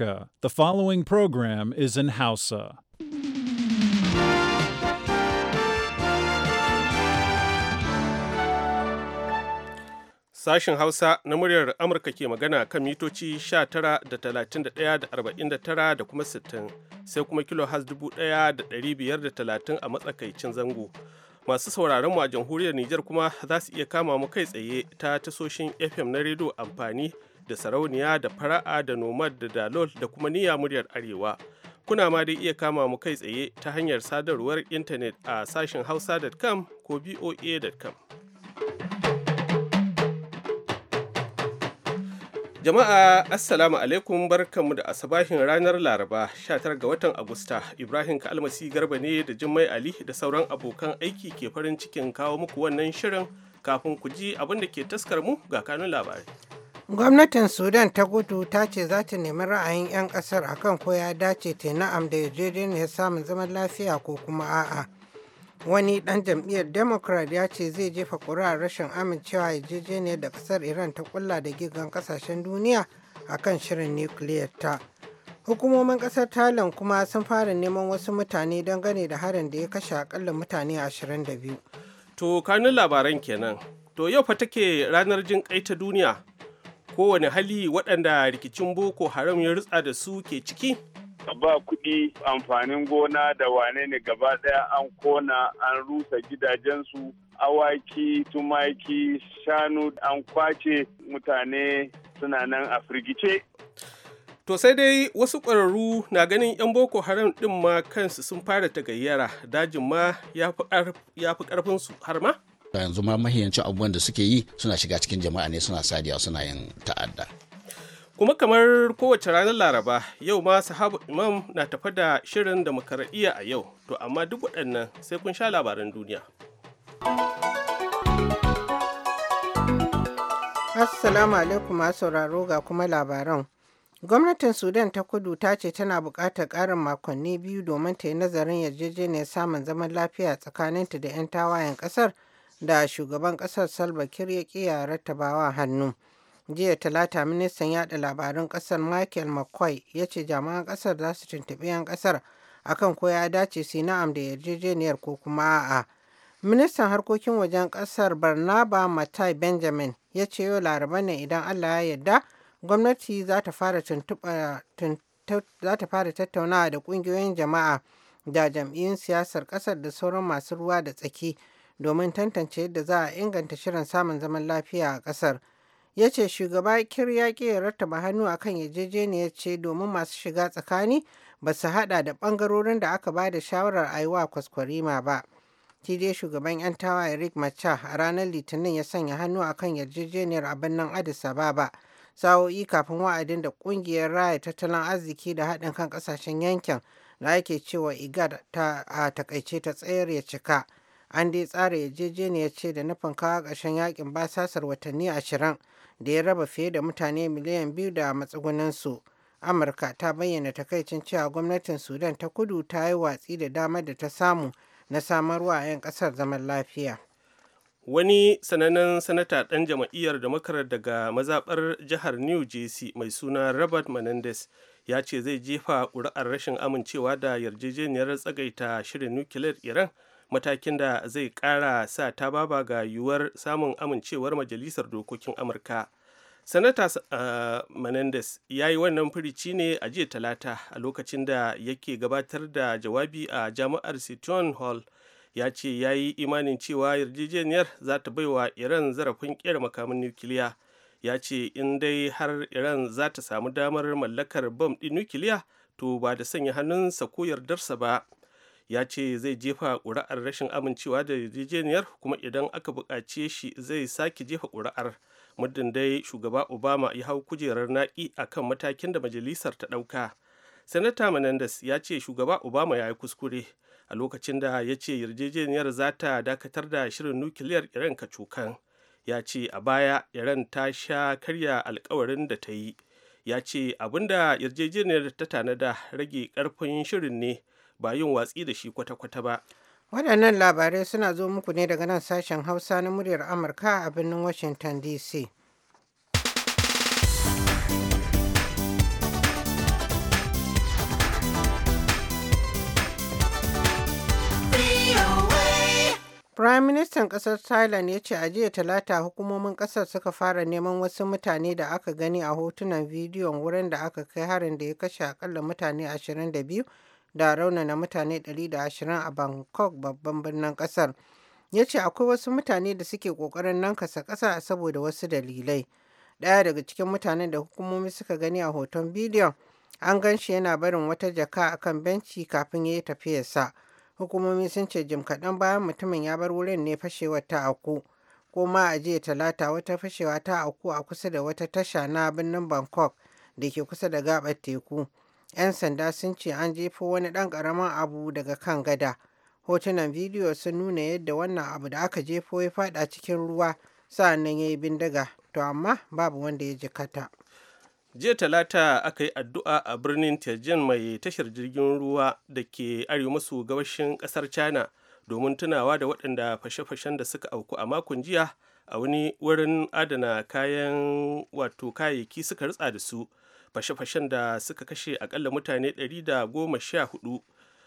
America. The following program is in Hausa. Sashen Hausa na muryar Amurka ke magana kan mitoci 19 da 31 da 49 da kuma 60 sai kuma kilo has 1530 a matsakaicin zango. masu sauraron mu a jamhuriyar Nijar kuma za su iya kama mu kai tsaye ta tasoshin FM na rediyo amfani da sarauniya da fara'a da nomad da dalol da kuma niyya muryar arewa kuna ma dai iya kama mu kai tsaye ta hanyar sadarwar intanet a sashen hausa.com ko boa.com Jama'a Assalamu alaikum barkanmu da asabahin ranar Laraba 19 ga watan Agusta. Ibrahim Kalmasi Garba ne da Jummai Ali da sauran abokan aiki ke farin cikin kawo muku wannan shirin kafin ku ji abin da ke taskar mu ga kanun labari. Gwamnatin Sudan ta gudu ta ce za ta nemi ra'ayin 'yan kasar akan ko ya dace ta na'am da yarjejeniyar samun zaman lafiya ko kuma a'a. Wani ɗan jam'iyyar Democrat ya ce zai jefa ƙuri'ar rashin amincewa yarjejeniyar da ƙasar Iran ta kulla da gigan ƙasashen duniya akan shirin nukiliyar ta. Hukumomin ƙasar Thailand kuma sun fara neman wasu mutane dangane da harin da ya kashe akalla mutane ashirin 22. To kanun labaran kenan. To yau fa take ranar jin ta duniya kowane hali waɗanda rikicin boko haram ya rutsa da su ke ciki ba kuɗi amfanin gona da wane ne gaba ɗaya an kona an rusa gidajensu awaki tumaki shanu an kwace mutane suna nan a firgice to sai dai wasu ƙwararru na ganin 'yan boko haram ɗin ma kansu sun fara tagayyara dajin ma ya fi ƙarfinsu har ma yanzu ma mahiyancin abubuwan da suke yi suna shiga cikin jama'a ne suna sadiya suna yin ta'adda kuma kamar kowace ranar laraba yau ma sahabu imam na tafa da shirin demokaradiyya a yau to amma duk waɗannan sai kun sha labaran duniya assalamu alaikum masu sauraro ga kuma labaran gwamnatin sudan ta kudu ta ce tana buƙatar ƙarin makonni biyu domin ta yi nazarin yarjejeniyar samun zaman lafiya tsakaninta da 'yan tawayen ƙasar da shugaban ƙasar Salva Kiir ya rattabawa hannu. Jiya Talata ministan yada labarin ƙasar Michael McCoy ya ce jami'an ƙasar za su tuntuɓi 'yan ƙasar akan ko ya dace su na'am da yarjejeniyar ko kuma a'a. Ministan harkokin wajen ƙasar Barnaba Matai Benjamin ya ce yau laraba ne idan Allah ya yarda gwamnati za ta fara tattaunawa da ƙungiyoyin jama'a da jam'iyyun siyasar ƙasar da sauran masu ruwa da tsaki domin tantance yadda za a inganta shirin samun zaman lafiya a ƙasar. Ya ce shugaba Kir ya ƙi rattaba hannu a kan yarjejeniyar ce domin masu shiga tsakani ba su haɗa da ɓangarorin da aka ba da shawarar aiwa kwaskwarima ba. Shi dai shugaban 'yan tawa Eric Macha a ranar Litinin ya sanya hannu a kan yarjejeniyar a birnin Addis Ababa. Sa'o'i kafin wa'adin da ƙungiyar raya tattalin arziki da haɗin kan ƙasashen yankin da ake cewa IGAD ta a takaice ta tsayar ya cika. an dai tsara yarjejeniyar ce da nufin kawo ƙarshen yakin basasar watanni ashirin da ya raba fiye da mutane miliyan biyu da matsugunansu amurka ta bayyana takaicin cewa gwamnatin sudan ta kudu ta yi watsi da damar da ta samu na samarwa 'yan ƙasar zaman lafiya wani sanannen sanata ɗan jam'iyyar da daga mazaɓar jihar new jersey mai suna robert menendez ya ce zai jefa ƙuri'ar rashin amincewa da yarjejeniyar tsagaita shirin nukiliyar iran matakin da zai kara sa ta baba ga yiwuwar samun amincewar majalisar dokokin amurka sanata uh, menendez ya yi wannan firici ne a jiya talata a lokacin da yake gabatar da jawabi a jami'ar seton hall ya ce ya yi imanin cewa yarjejeniyar za ta baiwa iran zarafin kera makamin nukiliya ya ce in dai har iran za ta samu damar mallakar bam ɗin nukiliya to ba da sanya hannunsa ko yardarsa ba ya ce zai jefa ƙuri'ar rashin amincewa da yarjejeniyar kuma idan aka buƙace shi zai sake jefa ƙuri'ar muddin dai shugaba obama ya hau kujerar naƙi a kan matakin da majalisar ta ɗauka senator menendez ya ce shugaba obama ya yi kuskure a lokacin da ya ce yarjejeniyar za ta dakatar da shirin nukiliyar iran cokan. ya ce a baya iran ta sha karya alkawarin da ta yi ya ce abinda yarjejeniyar ta tanada rage karfin shirin ne ba yin watsi da shi kwata-kwata ba waɗannan labarai suna zo muku ne daga nan sashen hausa na muryar amurka a birnin washington dc Prime Minister ƙasar Thailand ya ce a jiya talata hukumomin ƙasar suka fara neman wasu mutane da aka gani a hotunan bidiyon wurin da aka kai harin da ya kashe akalla mutane 22 da rauna na mutane 120 a Bangkok babban birnin kasar. Ya ce akwai wasu mutane da suke ƙoƙarin nankasa ƙasa saboda wasu dalilai. daya daga cikin mutanen da hukumomi suka gani a hoton bidiyon an gan shi yana barin wata jaka a kan benci kafin ya yi tafiyarsa. Hukumomi sun ce jim kaɗan bayan mutumin ya bar wurin ne fashewar ta auku. ko ma a jiya talata wata fashewa ta auku a kusa da wata tasha na birnin bangkok da ke kusa da gabar teku 'Yan sanda sun ce an jefo wani ɗan ƙaramin abu daga kan gada. Hotunan bidiyo sun nuna yadda wannan abu da aka jefo ya faɗa cikin ruwa sa'annan ya yi bindiga, to amma babu wanda ya jikata. jiya talata aka yi addu'a a birnin tianjin mai tashar jirgin ruwa da ke arewa maso gabashin kasar china domin tunawa da waɗanda fashe-fashen da suka auku a makon jiya a wani wurin adana kayan wato kayayyaki suka ritsa da su fashe-fashen da suka kashe akalla mutane 114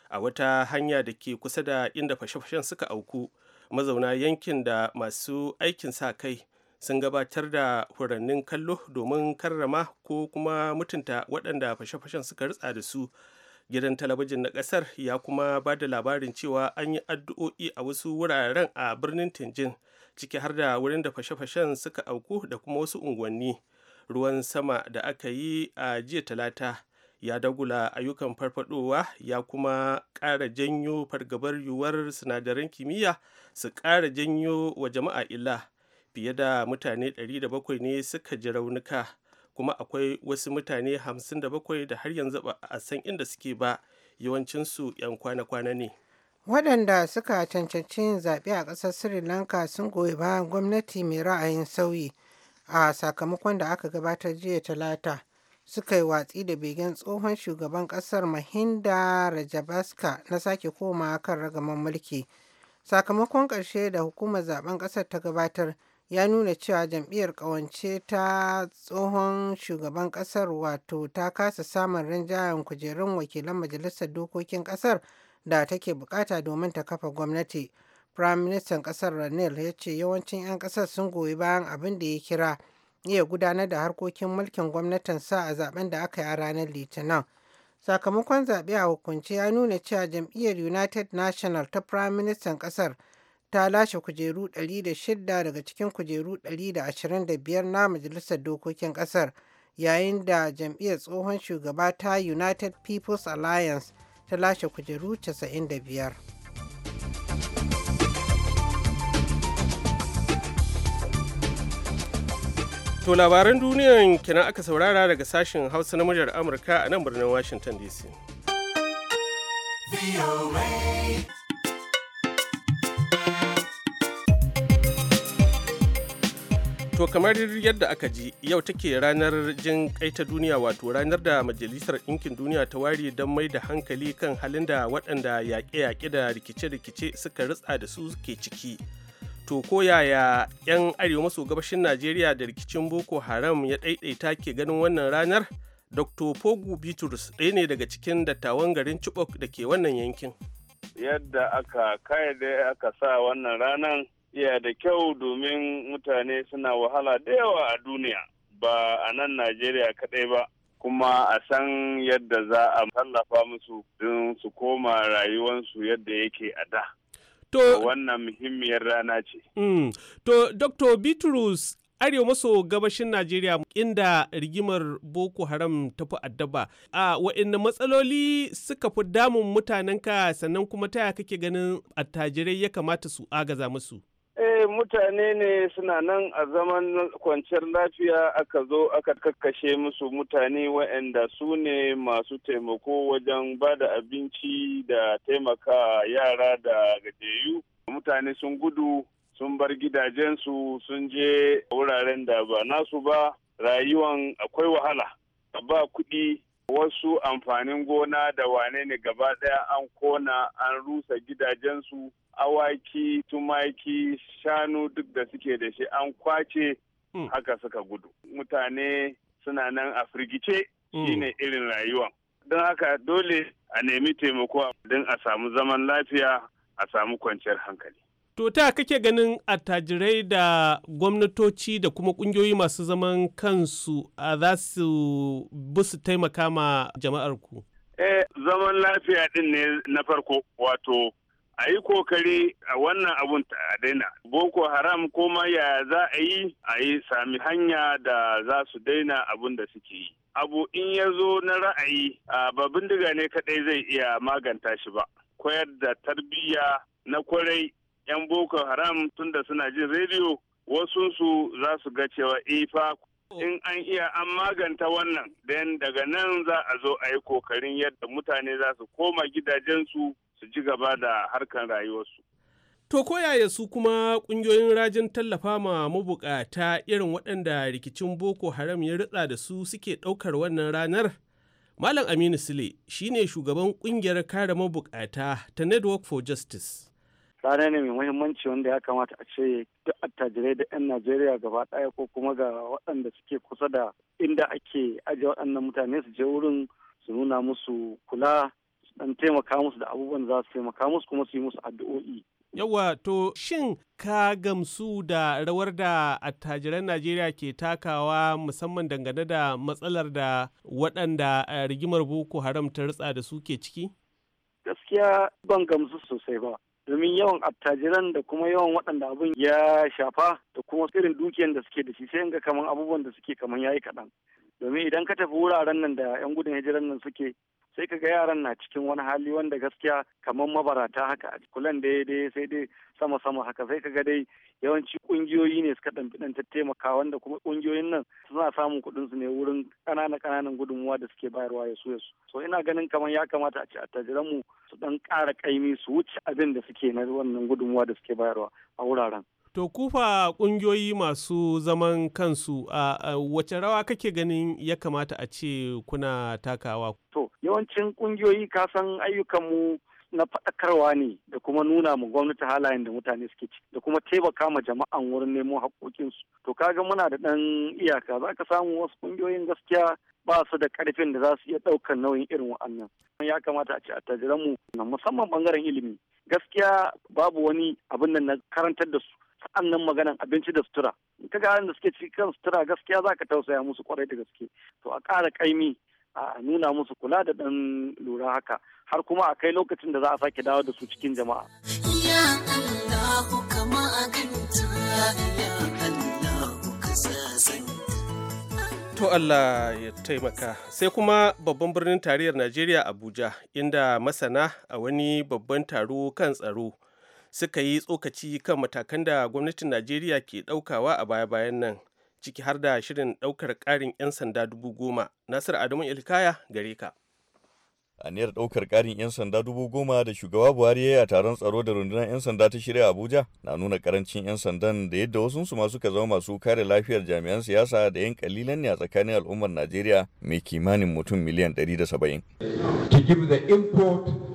a wata hanya da ke kusa da inda fashe-fashen suka auku mazauna yankin da masu aikin sa kai sun gabatar da furannin kallo domin karrama ko kuma mutunta waɗanda fashe-fashen suka ritsa da su gidan talabijin na ƙasar ya kuma ba da labarin cewa an yi addu'o'i a wasu wuraren a birnin tinjin ciki har da wurin da fashe-fashen suka auku da kuma wasu unguwanni ruwan sama da aka yi a jiya talata ya dagula ayyukan farfadowa ya kuma ƙara janyo fargabar yiwuwar sinadaran kimiyya su ƙara janyo wa jama'a illa fiye da mutane 700 ne suka ji raunuka kuma akwai wasu mutane 57 da har yanzu ba a san inda suke ba yawancinsu 'yan kwana-kwana ne waɗanda suka cancanci yin zaɓe a ƙasar sri lanka sun goyi bayan gwamnati mai ra'ayin sauyi a sakamakon da aka gabatar jiya talata suka yi watsi da begen tsohon shugaban kasar mahinda rajabaska na sake koma kan ragaman mulki sakamakon ƙarshe da hukumar zaben ƙasar ta gabatar ya nuna cewa jam'iyyar ƙawance ta tsohon shugaban ƙasar wato ta kasa samun rinjayen kujerun wakilan majalisar dokokin ƙasar da take bukata domin ta kafa gwamnati Prime Minister ƙasar Ranil ya ce yawancin 'yan kasar sun goyi bayan abin da ya kira iya gudanar da harkokin mulkin sa a zaben da aka yi a ranar Litinin. Sakamakon zaɓe a hukunce ya nuna cewa jam'iyyar United National ta Prime Minister Kasar ta lashe kujeru 106 daga cikin kujeru 125 na Majalisar Dokokin Kasar yayin da jam'iyyar tsohon shugaba ta United People's Alliance ta lashe kujeru 95. To labaran duniyan kenan aka saurara daga sashen Hausa na muryar Amurka a nan birnin Washington DC. To kamar yadda aka ji yau take ranar jin kai ta duniya wato ranar da Majalisar Ɗinkin Duniya ta ware don mai da hankali kan halin da waɗanda yaƙe-yaƙe da rikice-rikice suka ritsa da su ke ciki. to ko yaya 'yan arewa maso gabashin najeriya da rikicin boko haram ya ɗaiɗaita ke ganin wannan ranar dr pogu bitrus ɗaya ne daga cikin dattawan garin chibok da ke wannan yankin yadda aka kayyade aka sa wannan ranar iya da kyau domin mutane suna wahala da yawa a duniya ba a nan najeriya kaɗai ba kuma a san yadda za a tallafa musu don su koma rayuwansu yadda yake a da To wannan muhimmiyar rana ce. Mm. To Dr. Bitrus arewa maso gabashin Najeriya inda rigimar Boko Haram ta fi addaba. A wa'in matsaloli suka fi damun mutanenka sannan kuma taya kake ganin attajirai ya kamata su agaza musu? eh mutane ne suna nan a zaman kwanciyar lafiya aka zo aka kakkashe musu mutane waɗanda su ne masu taimako wajen ba da abinci da taimaka yara da gajeyu mutane sun gudu sun bar gidajensu sun je wuraren da ba nasu ba rayuwan akwai wahala ba kuɗi wasu amfanin gona da wane ne gaba ɗaya an kona an rusa gidajensu awaki tumaki shanu duk da suke da shi an kwace hmm. haka suka gudu mutane suna nan a firgice hmm. shine irin rayuwa don haka dole a nemi taimako don a samu zaman lafiya a samu kwanciyar hankali To ta kake ganin attajirai da gwamnatoci da kuma kungiyoyi masu zaman kansu a za su busu taimaka ma jama'arku. Eh, zaman lafiya din ne na farko wato a yi kokari a wannan abun a daina. Boko Haram koma ya za a yi a yi sami hanya da za su daina abun da suke yi. Abu in ya zo na ra'ayi ba bindiga ne kaɗai zai iya maganta shi ba. Koyar da tarbiyya na kwarai 'yan boko haram tunda suna jin rediyo wasunsu za su ga cewa ifa eh, in an iya an maganta wannan dan daga nan za a zo a yi kokarin yadda mutane za su koma gidajensu su ji gaba da harkar rayuwarsu. To koyaya su kuma kungiyoyin rajin tallafa ma mabukata irin waɗanda rikicin Boko Haram ya ritsa da su suke ɗaukar wannan ranar? Malam Aminu Sule shine shugaban kungiyar kare mabukata ta Network for Justice. rana ne mai muhimmanci wanda ya kamata a ce duk attajirai da 'yan najeriya gaba ɗaya ko kuma ga waɗanda suke kusa da inda ake ajiye waɗannan mutane su je wurin su nuna musu kula su ɗan taimaka musu da abubuwan za su taimaka musu kuma su yi musu addu'o'i Yawwa to shin ka gamsu da rawar da attajiran Najeriya ke takawa musamman dangane da matsalar da waɗanda eh, rigimar Boko Haram ta ritsa da su ke ciki? Gaskiya ban gamsu sosai ba. domin yawan attajiran da kuma yawan waɗanda abin ya shafa da kuma irin dukiyan da suke da shi sai ga kaman abubuwan da suke kaman yayi kaɗan domin idan ka tafi wuraren nan da yan gudun hijiran nan suke sai kaga yaran na cikin wani hali wanda gaskiya kamar mabarata haka a kulan da dai sai dai sama sama haka sai kaga dai yawanci kungiyoyi ne suka dan ta taimaka wanda kuma kungiyoyin nan suna samun kuɗin su ne wurin ƙananan ƙananan gudunmuwa da suke bayarwa ya su su so ina ganin kamar ya kamata a ce attajiran mu su dan ƙara ƙaimi su wuce abin da suke na wannan gudunmuwa da suke bayarwa a wuraren To kufa kungiyoyi masu zaman kansu a wace rawa kake ganin ya kamata a ce kuna takawa? To yawancin kungiyoyi kasan ayyukanmu na faɗakarwa ne da kuma nuna ma gwamnati halayen da mutane suke ci da kuma taimaka ma jama'an wurin nemo haƙoƙinsu to kaga muna da ɗan iyaka za ka samu wasu ƙungiyoyin gaskiya ba su da ƙarfin da za su iya ɗaukar nauyin irin wa'annan ya kamata a ci a mu na musamman ɓangaren ilimi gaskiya babu wani abin nan na karantar da su sa'annan maganan abinci da sutura ka kaga da suke cikin sutura gaskiya za ka tausaya musu kwarai da gaske to a ƙara ƙaimi a nuna musu kula da ɗan lura haka har kuma a kai lokacin da za a sake dawo da su cikin jama'a. Ya Allah maganta, ya Allah sasanta. To Allah ya taimaka sai kuma babban birnin tarayyar Najeriya Abuja inda masana a wani babban taro kan tsaro suka yi tsokaci kan matakan da gwamnatin Najeriya ke ɗaukawa a baya-bayan nan ciki har da shirin ɗaukar ƙarin 'yan sanda dubu goma nasir adamu ilkaya gare ka aniyar ɗaukar ƙarin 'yan sanda dubu goma da shugaba buhari ya yi a taron tsaro da rundunar 'yan sanda ta shirya abuja na nuna karancin 'yan sandan da yadda wasunsu masu suka zama masu kare lafiyar jami'an siyasa da 'yan kalilan ne a tsakanin al'ummar najeriya mai kimanin mutum miliyan 170 to give the import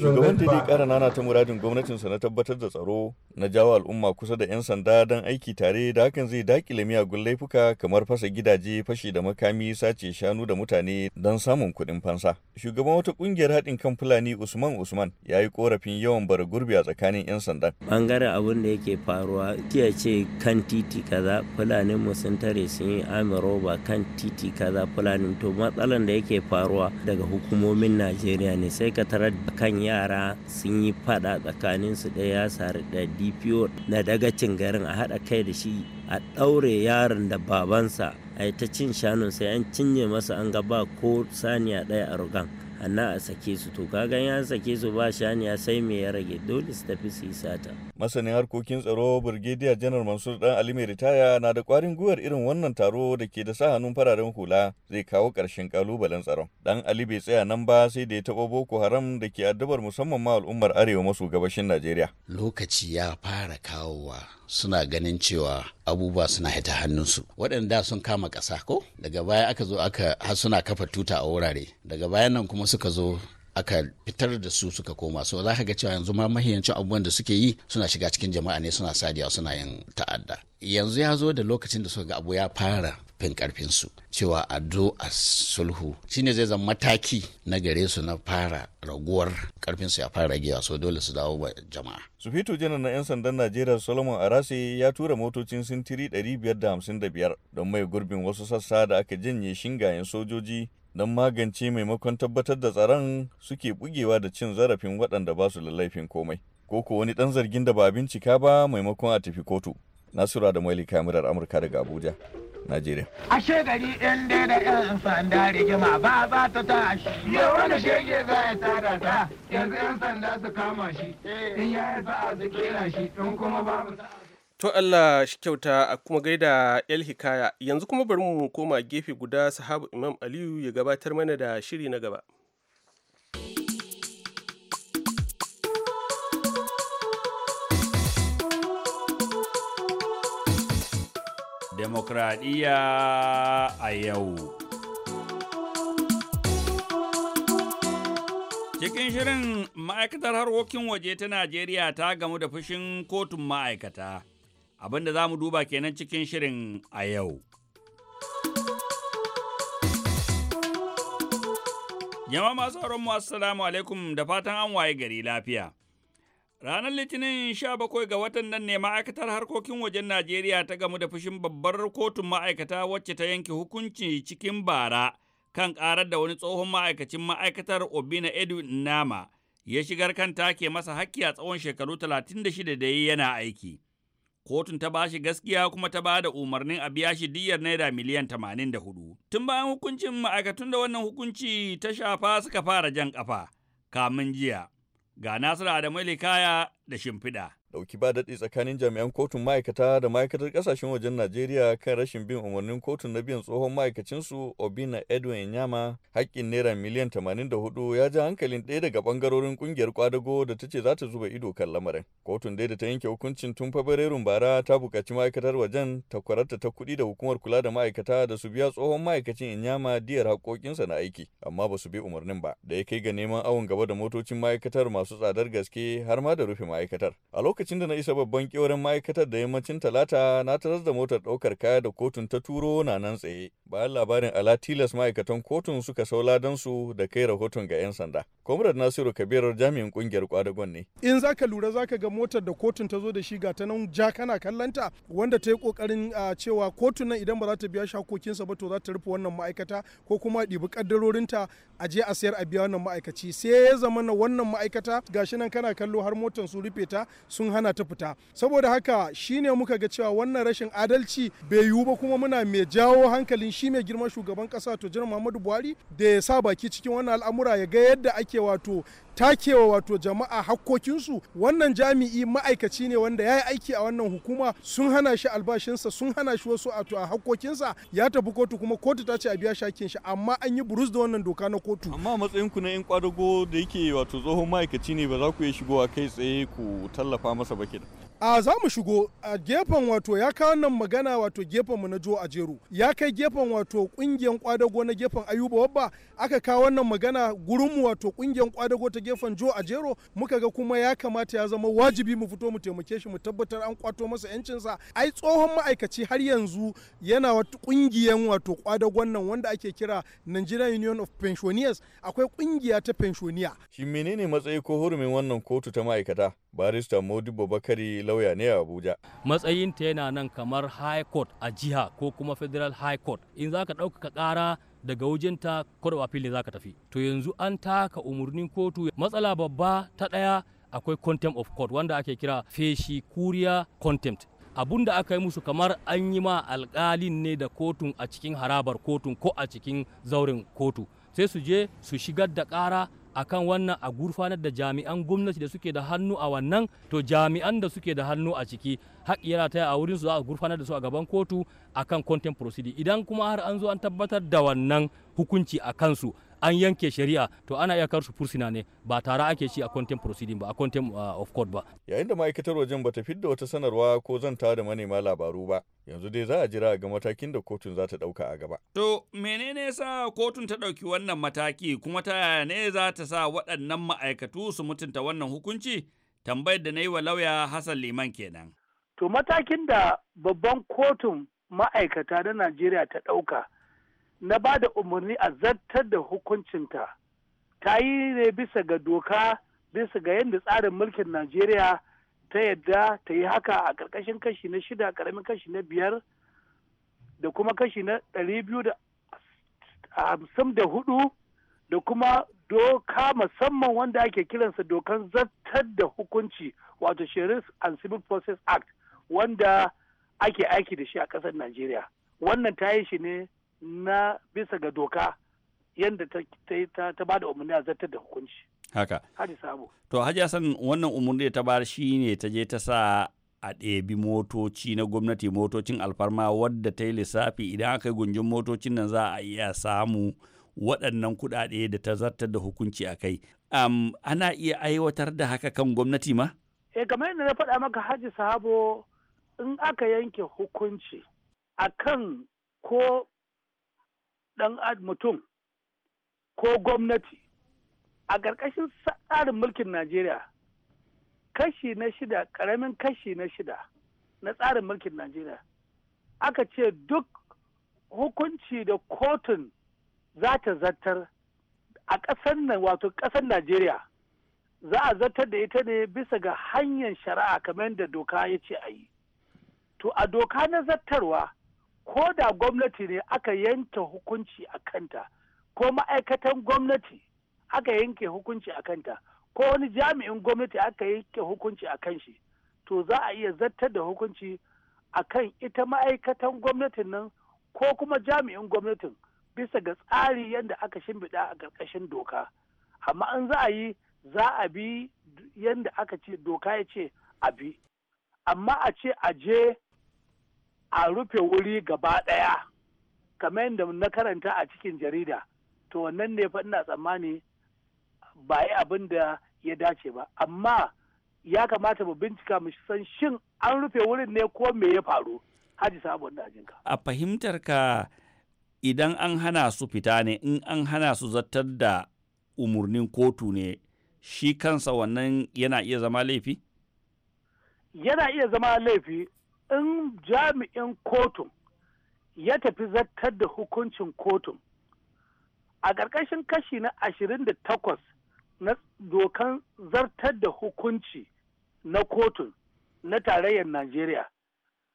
Shugaban ta dai ƙara nana ta muradin gwamnatinsa na tabbatar da tsaro na jawo al'umma kusa da 'yan sanda don aiki tare da hakan zai dakile miyagun laifuka kamar fasa gidaje fashi da makami sace shanu da mutane don samun kuɗin fansa. Shugaban wata ƙungiyar haɗin kan Fulani Usman Usman ya yi ƙorafin yawan bara gurbi a tsakanin 'yan sandan. Bangaren abin da yake faruwa kiya ce kan titi kaza Fulani mu sun tare sun yi amiroba kan titi kaza Fulani to matsalan da yake faruwa daga hukumomin Najeriya ne sai ka tarar kan yara sun yi fada tsakanin su da ya sari da dpo na dagacin garin a haɗa kai da shi a ɗaure yaron da babansa a yi ta cin shanun sai an cinye masa an ba ko saniya ɗaya a rugan hannu a sake su to kagan ya sake su ba shaniya sai me ya rage dole su tafi su yi sata masanin harkokin tsaro Birgediya Janar Mansur Dan Ali mai ritaya na da kwarin gwiwar irin wannan taro da ke da sa hannun fararen hula zai kawo ƙarshen kalubalen tsaron. Dan Ali bai tsaya nan ba sai da ya taɓa Boko Haram da ke addabar musamman ma al'ummar Arewa maso gabashin Najeriya. Lokaci ya fara kawowa suna ganin cewa abubuwa suna hita hannunsu waɗanda sun kama ƙasa ko daga baya aka zo aka har suna kafa tuta a wurare daga bayan nan kuma suka zo aka fitar da su suka koma so za ka ga cewa yanzu ma mahiyancin abubuwan da suke yi suna shiga cikin jama'a ne suna sadiya suna yin ta'adda yanzu ya zo da lokacin da suka ga abu ya fara fin karfin su cewa a do a sulhu shine zai zama mataki na gare su na fara raguwar karfin su ya fara ragewa so dole su dawo ba jama'a su fito janar na 'yan sandan najeriya solomon arase ya tura motocin sintiri 555 don mai gurbin wasu sassa da aka janye shingayen sojoji don magance maimakon tabbatar da tsaron suke bugewa da cin zarafin waɗanda ba su da laifin komai ko ko wani ɗan zargin da ba bincika ba maimakon a tafi kotu nasura da maili kamirar amurka daga abuja najeriya ashe gari ɗin dai da yan sanda rigima ba za ta tashi ya wani shege za ya tada ta yanzu yan sanda su kama shi in ya yi sa'a su kera shi in kuma babu sa'a To Allah shi kyauta a kuma gaida El Hikaya yanzu kuma bari mu koma gefe guda sahabu Imam Aliyu ya gabatar mana da shiri na gaba. Demokradiyya a yau. Cikin shirin ma'aikatar harkokin waje ta Najeriya ta gamu da fushin kotun ma'aikata. abin da za mu duba kenan cikin shirin a yau. Yama masu mu assalamu alaikum da fatan an waye gari lafiya. Ranar Litinin 17 ga watan nan ne ma'aikatar harkokin wajen Najeriya ta gamu da fushin babbar kotun ma'aikata wacce ta yanke hukunci cikin bara kan ƙarar da wani tsohon ma'aikacin ma'aikatar Obina Edu Nama ya shigar kan take masa hakki a tsawon shekaru 36 da yana aiki. Kotun ta bashi gaskiya kuma ta bada umarnin a biya shi diyyar naira miliyan hudu. Tun bayan hukuncin ma'aikatun da wannan hukunci ta shafa suka fara jan kafa kamin jiya. Ga Nasiru Adamu Likaya da Shimfiɗa. dauki ba daɗi tsakanin jami'an kotun ma'aikata da ma'aikatar ƙasashen wajen Najeriya kan rashin bin umarnin kotun na biyan tsohon ma'aikacinsu Obina Edwin Nyama haƙƙin naira miliyan hudu ya ja hankalin ɗaya daga ɓangarorin ƙungiyar kwadago da ta ce za ta zuba ido kan lamarin. Kotun dai da ta yanke hukuncin tun Fabrairun bara ta buƙaci ma'aikatar wajen ta kwararta ta kuɗi da hukumar kula da ma'aikata da su biya tsohon ma'aikacin Inyama diyar haƙoƙinsa na aiki amma ba su bi umarnin ba da ya kai ga neman awon gaba da motocin ma'aikatar masu tsadar gaske har ma da rufe ma'aikatar. A lokacin Lokacin da na isa babban ƙyauren ma'aikatar da yammacin talata na tarar da motar ɗaukar kaya da kotun ta turo na nan tsaye. Bayan labarin ala tilas ma'aikatan kotun suka saula don su da kai rahoton ga 'yan sanda. Comrade Nasiru kabirar jami'in kungiyar kwadagon ne. In za ka lura za ka ga motar da kotun ta zo da shi ga ta nan ja kana kallanta wanda ta yi kokarin cewa kotun nan idan ba za ta biya shakokinsa ba to za ta rufe wannan ma'aikata ko kuma ɗibi kaddarorinta a je a sayar a biya wannan ma'aikaci sai ya zama na wannan ma'aikata gashi nan kana kallo har motar sun rufe ta sun sun hana ta fita saboda haka shine muka ga cewa wannan rashin adalci bai yiwu ba kuma muna mai jawo hankalin shi mai girman shugaban kasa to jiran muhammadu buhari da ya sa baki cikin wannan al'amura ya ga yadda ake wato takewa wato jama'a hakkokinsu wannan jami'i ma'aikaci ne wanda ya yi aiki a wannan hukuma sun hana shi albashinsa sun hana shi wasu a hakkokinsa ya tafi kotu kuma kotu ta ce a biya shakin shi amma an yi burus da wannan doka na kotu amma matsayin ku na yan kwadago da yake wato tsohon ma'aikaci ne ba za ku iya shigowa kai tsaye ku tallafa masa ba kenan a za mu shigo a gefen wato ya kawo nan magana wato gefen mu na jo a jero ya kai gefen wato kungiyan kwadago na gefen ayuba wabba aka kawo wannan magana gurin mu wato kungiyan kwadago ta gefen jo a jero muka ga kuma ya kamata ya zama wajibi mu fito mu taimake shi mu tabbatar an kwato masa yancin sa ai tsohon ma'aikaci har yanzu yana wata kungiyan wato kwadagon nan wanda ake kira Nigerian Union of Pensioners akwai kungiya ta pensioner shi menene matsayi ko hurumin wannan kotu ta ma'aikata barista modibo bakari lauya ne a abuja matsayinta yana nan kamar high court a jiha ko kuma federal high court in za ka ɗaukaka ƙara daga wajenta kodawa fili za ka tafi to yanzu an taka umarnin kotu matsala babba ta ɗaya akwai contempt of court wanda ake kira feshi kuriya contempt abun da aka yi musu kamar an yi ma alkalin ne da kotun a cikin harabar kotun ko a cikin zauren kotu sai su je su shigar da ƙara akan wannan a gurfanar da jami'an gwamnati da suke da hannu a wannan to jami'an da suke da hannu a ciki haƙƙi yana taya a wurin su za a gurfanar da su a gaban kotu akan content proceeding idan kuma har an zo an tabbatar da wannan hukunci a kansu an yanke shari'a to ana iya karsu fursuna ne ba tare ake ci a content proceeding ba a content uh, of court ba yayin da ma'aikatar wajen bata fidda wata sanarwa ko zanta da manema labaru ba yanzu dai za a jira ga matakin da kotun za ta dauka a gaba to menene sa kotun ta dauki wannan mataki kuma ta yaya ne za ta sa waɗannan ma'aikatu su mutunta wannan hukunci tambayar da na yi wa lauya Hassan Liman kenan. To matakin da babban kotun ma'aikata na Najeriya ta ɗauka na ba da umarni a zartar da hukuncinta ta yi ne bisa ga doka bisa ga yadda tsarin mulkin najeriya ta yadda ta yi haka a ƙarƙashin kashi na shida ƙaramin kashi na biyar da kuma kashi na ɗari biyu da hamsin da hudu da kuma doka musamman wanda ake kiransa dokan zartar da hukunci wato sheriff and civil process act wanda ake aiki da shi a ƙasar najeriya wannan ta yi shi ne na bisa ga doka yadda ta, ta, ta, ba da umarni a zartar da hukunci. Haka. Hadi To Haji Hassan wannan umarni ta bar shi ne ta je ta sa a ɗebi motoci na gwamnati motocin alfarma wadda ta yi lissafi idan aka yi gunjin motocin nan za a iya samu waɗannan kuɗaɗe da ta zartar da hukunci a kai. ana iya aiwatar da haka kan gwamnati ma? Eh kamar yadda na faɗa maka Haji Sabo in aka yanke hukunci akan ko ɗan mutum ko gwamnati a ƙarƙashin tsarin mulkin Najeriya kashi na shida ƙaramin kashi na shida na tsarin mulkin Najeriya aka ce duk hukunci da kotun za ta zartar a ƙasar nan wato ƙasar Najeriya za a zartar da ita ne bisa ga hanyar shari'a kamar da doka ya ce a yi. To a doka na zartarwa ko da gwamnati ne aka yanke hukunci a kanta ko ma'aikatan gwamnati aka yanke hukunci a kanta ko wani jami'in gwamnati aka yanke hukunci a kan shi to za a iya zartar da hukunci a kan ita ma'aikatan gwamnatin nan ko kuma jami'in gwamnatin bisa ga tsari yadda aka shimbiɗa a ƙarƙashin doka amma an za a yi za a bi yadda aka ce doka ya ce a bi amma a ce a je a rufe wuri gaba ɗaya kamar yadda na karanta a cikin jarida to wannan ne fa ina tsammani ba yi abin da ya dace ba amma ya kamata mu bincika mu san shin an rufe wurin ne ko me ya faru haji sabon dajinka a fahimtar ka idan an hana su fita ne in an hana su zartar da umarnin kotu ne shi kansa wannan yana iya zama laifi yana iya zama laifi in jami'in kotun ya tafi zartar da hukuncin kotun a ƙarƙashin kashi na ashirin da takwas na dokan zartar da hukunci na kotun na tarayyar najeriya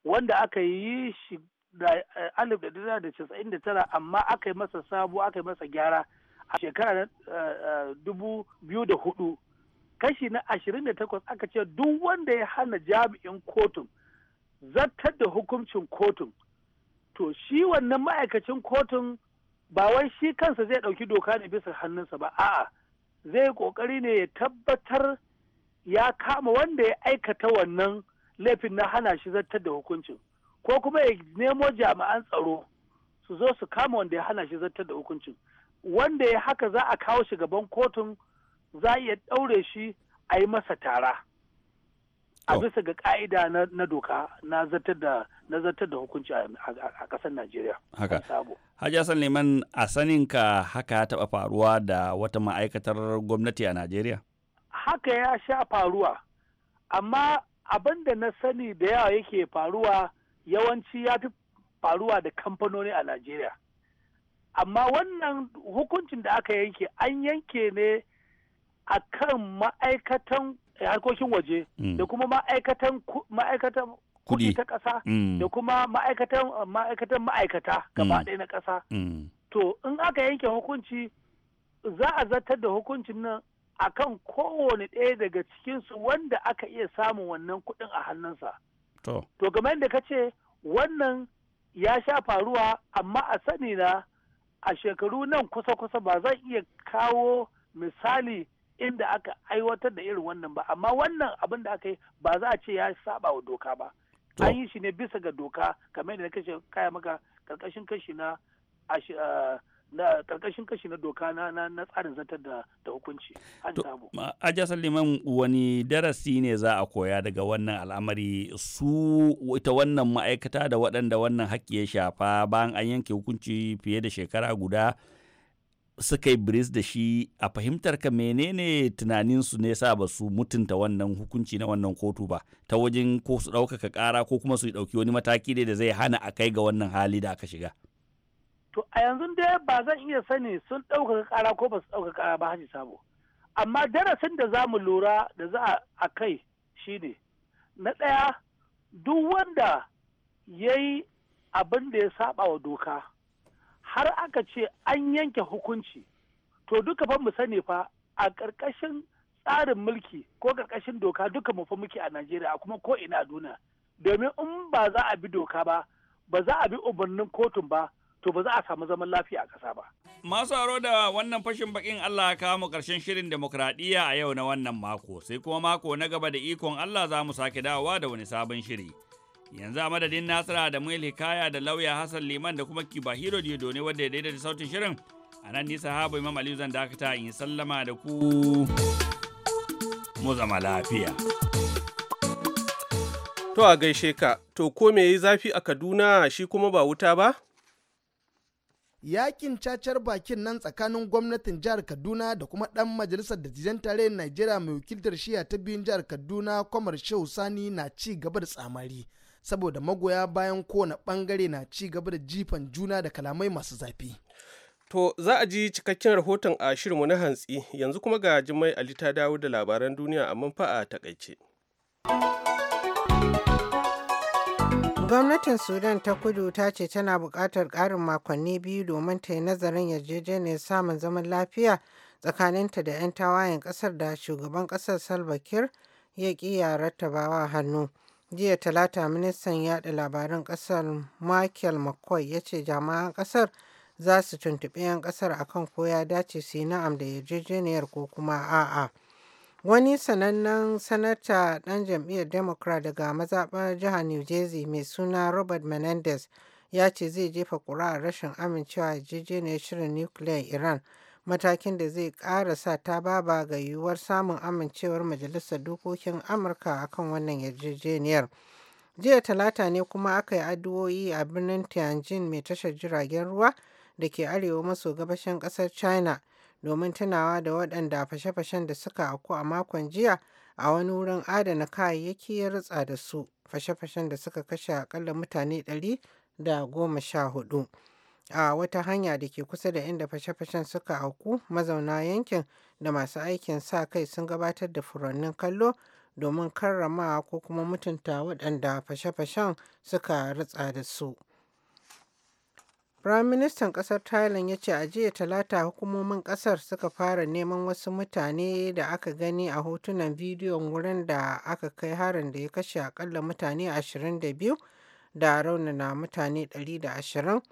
wanda aka yi shi da eh, tara amma aka yi masa sabu aka yi masa gyara a shekara na eh, eh, dubu biyu da hudu kashi na ashirin da takwas aka ce duk wanda ya hana jami'in kotun zartar da hukuncin kotun to shi wannan ma'aikacin kotun ba wai shi kansa zai ɗauki doka ne bisa hannunsa ba a'a zai ƙoƙari ne ya tabbatar ya kama wanda ya aikata wannan laifin na hana shi zartar da hukuncin ko kuma ya nemo jami'an tsaro su zo su kama wanda ya hana shi zartar da hukuncin wanda ya haka za a kawo shi gaban kotun za a iya ɗaure shi a yi masa tara a bisa ga ka'ida na doka na zartar da na zartar da hukunci a ƙasar Najeriya. Haka. Hajji Hassan Liman a ka haka taɓa faruwa da wata ma'aikatar gwamnati a Najeriya? Haka ya sha faruwa, amma abin da na sani da yawa yake faruwa yawanci ya fi faruwa da kamfanoni a Najeriya. Amma wannan hukuncin da aka yanke an yanke ne a kan ma'aikatan Eh, harkokin waje mm. da kuma ma'aikatan ma'aikatan kuɗi ta ƙasa mm. da kuma ma'aikatan eh, ma'aikatan ma'aikata gaba mm. ɗaya na ƙasa to in aka yanke hukunci za a zartar da hukuncin nan akan kowane ɗaya daga cikin su wanda aka iya samun wannan kuɗin a hannunsa to game da kace wannan ya sha faruwa amma a sani na a shekaru nan kusa-kusa ba zan iya kawo misali inda aka aiwatar da irin wannan ba amma wannan abin da aka yi ba za a ce ya saba wa doka ba an yi shi ne bisa ga doka kamar yadda kashe kaya maka karkashin kashi na na kashi na doka na na tsarin zartar da hukunci an samu a liman wani darasi ne za a koya daga wannan al'amari su ta wannan ma'aikata da waɗanda wannan haƙƙi ya shafa bayan an yanke hukunci fiye da shekara guda suka yi bris da shi a fahimtar ka menene tunaninsu ne sa ba su mutunta wannan hukunci na wannan kotu ba ta wajen ko su ɗaukaka ƙara ko kuma su ɗauki wani mataki ne da zai hana a kai ga wannan hali da aka shiga. To a yanzu dai ba zan iya sani sun ɗaukaka ƙara ko ba su ɗaukaka ƙara ba haji sabo. Amma darasin da za mu lura da za a kai shi ne na ɗaya duk wanda ya yi abin da ya saɓa wa doka har aka ce an yanke hukunci to duka fa mu sani fa a ƙarƙashin tsarin mulki ko ƙarƙashin doka duka mu fa muke a Najeriya kuma ko ina a duniya domin in ba za a bi doka ba ba za a bi umarnin kotun ba to ba za a samu zaman lafiya a ƙasa ba. Masu aro da wannan fashin bakin Allah ya kawo mu ƙarshen shirin demokradiyya a yau na wannan mako sai kuma mako na gaba da ikon Allah za mu sake dawowa da wani sabon shiri. yanzu a madadin nasara da mai hikaya da lauya hassan liman da kuma kiba hero ne wadda ya daidaita sautin shirin a nan nisa habu imam aliyu zan dakata in sallama da ku mu zama lafiya to a gaishe ka to ko me yi zafi a kaduna shi kuma ba wuta ba yakin cacar bakin nan tsakanin gwamnatin jihar kaduna da kuma ɗan majalisar dattijan tarayyar najeriya mai wakiltar shiya ta biyun jihar kaduna kwamar shehu sani na ci gaba da tsamari saboda magoya bayan kowane bangare na ci gaba da jifan juna da kalamai masu zafi. To za a ji cikakken rahoton a shirinmu na hantsi yanzu kuma ga Jimai Ali ta dawo da labaran duniya a fa'a a takaice. Gwamnatin Sudan ta kudu ta ce tana buƙatar ƙarin makonni biyu domin ta yi nazarin yarjejeniyar samun zaman lafiya tsakaninta da 'yan tawayen ƙasar da shugaban ƙasar Salva Kiir ya ƙi rattabawa hannu. jiya talata ministan yada labaran kasar michael mccoy ya ce jama'an kasar za su tuntuɓi 'yan kasar akan ko ya dace su yi na'am da yarjejeniyar ko kuma a'a wani sanannen sanata ɗan jam'iyyar democrat daga mazaɓar jihar new jersey mai suna robert menendez ya ce zai jefa ƙuri'ar rashin amincewa yarjejeniyar shirin nukiliyar iran matakin da zai ƙara sa ta baba ga yiwuwar samun amincewar majalisar dokokin amurka akan wannan yarjejeniyar jiya talata ne kuma aka yi addu'o'i a birnin tianjin mai tashar jiragen ruwa da ke arewa maso gabashin ƙasar china domin tunawa da waɗanda fashe-fashen da suka auku a makon jiya a wani wurin adana kayayyaki ya rutsa da su fashe-fashen da suka kashe akalla mutane ɗari da goma sha hudu. a wata hanya da ke kusa da inda fashe-fashen suka auku mazauna yankin da masu aikin sa kai sun gabatar da furannin kallo domin karrama ko kuma mutunta waɗanda fashe-fashen suka ritsa da su. Firaministan ƙasar Thailand ya ce a jiya talata hukumomin ƙasar suka fara neman wasu mutane da aka gani a hotunan bidiyon wurin da aka kai harin da ya kashe akalla mutane 22 da raunana mutane 120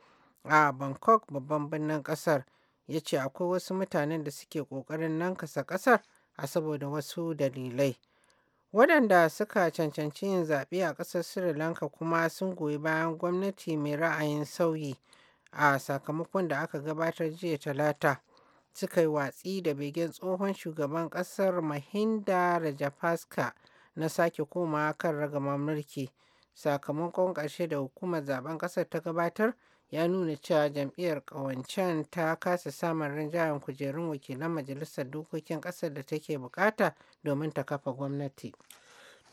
a Bangkok babban birnin kasar ya ce akwai wasu mutanen da suke ƙoƙarin nankasa kasar a saboda wasu dalilai. Waɗanda suka cancanci yin zaɓe a ƙasar Sri Lanka kuma sun goyi bayan gwamnati mai ra'ayin sauyi a sakamakon da aka gabatar jiya talata suka yi watsi da begen tsohon shugaban ƙasar Mahinda Rajapaksa na sake koma kan ragamar mulki sakamakon ƙarshe da hukumar zaben ƙasar ta gabatar ya nuna cewa jam'iyyar ƙawancen ta kasa samun rinjayen kujerun wakilan majalisar dokokin ƙasar da take bukata domin ta kafa gwamnati.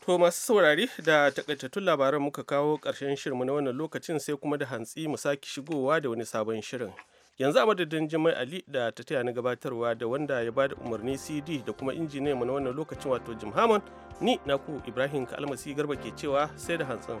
To masu saurari da takaitattun labaran muka kawo karshen shirinmu na wannan lokacin sai kuma da hantsi mu sake shigowa da wani sabon shirin. Yanzu a madadin Jimai Ali da ta taya na gabatarwa da wanda ya bada umarni CD da kuma injiniyan mu na wannan lokacin wato Jim Hammond ni naku Ibrahim Kalmasi Garba ke cewa sai da hantsin.